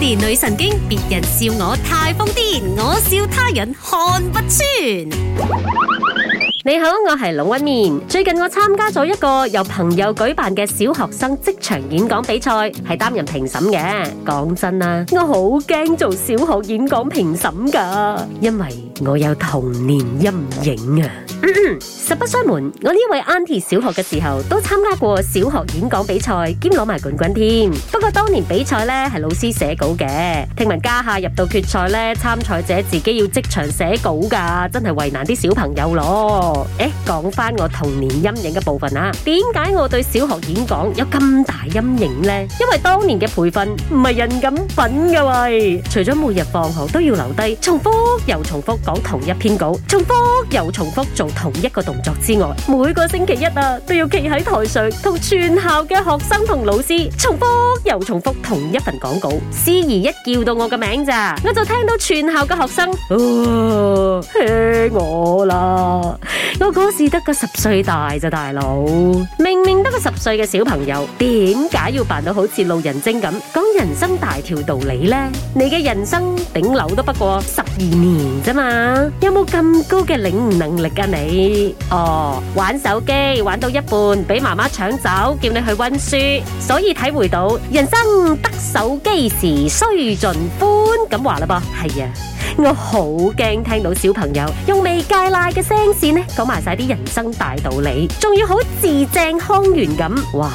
連女神經，別人笑我太瘋癲，我笑他人看不穿。你好，我係龍紋敏。最近我參加咗一個由朋友舉辦嘅小學生職場演講比賽，係擔任評審嘅。講真啊，我好驚做小學演講評審㗎，因為，我有童年陰影啊！實咳咳不相瞞，我呢位 Auntie 小學嘅時候都參加過小學演講比賽，兼攞埋冠軍添。不過當年比賽呢係老師寫稿嘅，聽聞家下入到決賽呢，參賽者自己要即場寫稿噶，真係為難啲小朋友咯。誒，講翻我童年陰影嘅部分啊，點解我對小學演講有咁大陰影呢？因為當年嘅培訓唔係人咁品嘅喂，除咗每日放學都要留低重複又重複。講同一篇稿，重複又重複做同一個動作之外，每個星期一啊都要企喺台上同全校嘅學生同老師重複又重複同一份講稿。司儀一叫到我嘅名咋，我就聽到全校嘅學生噓、啊、我啦。到嗰時得個十歲大咋，大佬明明得個十歲嘅小朋友，點解要扮到好似路人精咁講人生大條道理呢？你嘅人生頂樓都不過十二年咋嘛？有冇咁高嘅領悟能力啊你？哦，玩手機玩到一半俾媽媽搶走，叫你去溫書，所以體會到人生得手機時須盡歡咁話啦噃，係啊。我好驚聽到小朋友用未戒奶嘅聲線咧，講埋晒啲人生大道理，仲要好字正腔圓咁，哇！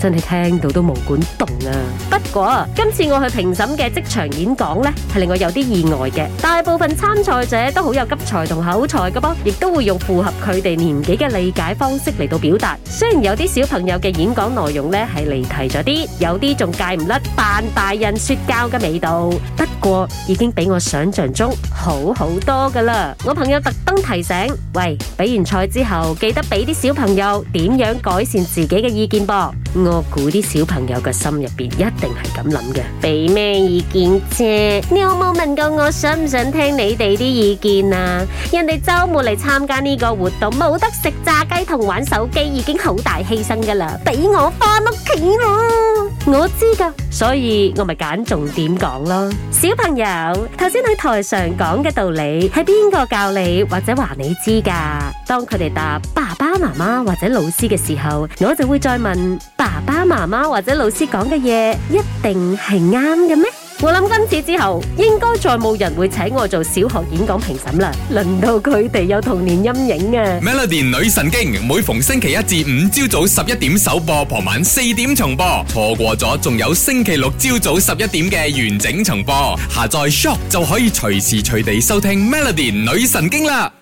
真係聽到都毛管動啊！不過今次我去評審嘅職場演講呢，係令我有啲意外嘅。大部分參賽者都好有急才同口才嘅噃，亦都會用符合佢哋年紀嘅理解方式嚟到表達。雖然有啲小朋友嘅演講內容呢係離題咗啲，有啲仲戒唔甩扮大人說教嘅味道。不過已經比我想象中好好多噶啦。我朋友特登提醒，喂，比完賽之後記得俾啲小朋友點樣改善自己嘅意見噃。我估啲小朋友嘅心入面一定係咁諗嘅，俾咩意見啫？你有冇問過我想唔想聽你哋啲意見啊？人哋周末嚟參加呢個活動，冇得食炸雞同玩手機，已經好大犧牲㗎喇，俾我返屋企咯！我知㗎，所以我咪揀重點講咯。小朋友，頭先喺台上講嘅道理，係邊個教你或者話你知㗎？當佢哋答八爸、媽媽爸爸媽媽或者老師嘅時候，我就會再問，爸爸媽媽或者老師講嘅嘢一定係啱嘅咩？我諗今次之後，應該再冇人會請我做小學演講評審啦。輪到佢哋有童年陰影啊！Melody 女神經每逢星期一至五朝早十一點首播，傍晚四點重播，錯過咗仲有星期六朝早十一點嘅完整重播。下載 shop 就可以隨時隨地收聽 Melody 女神經啦。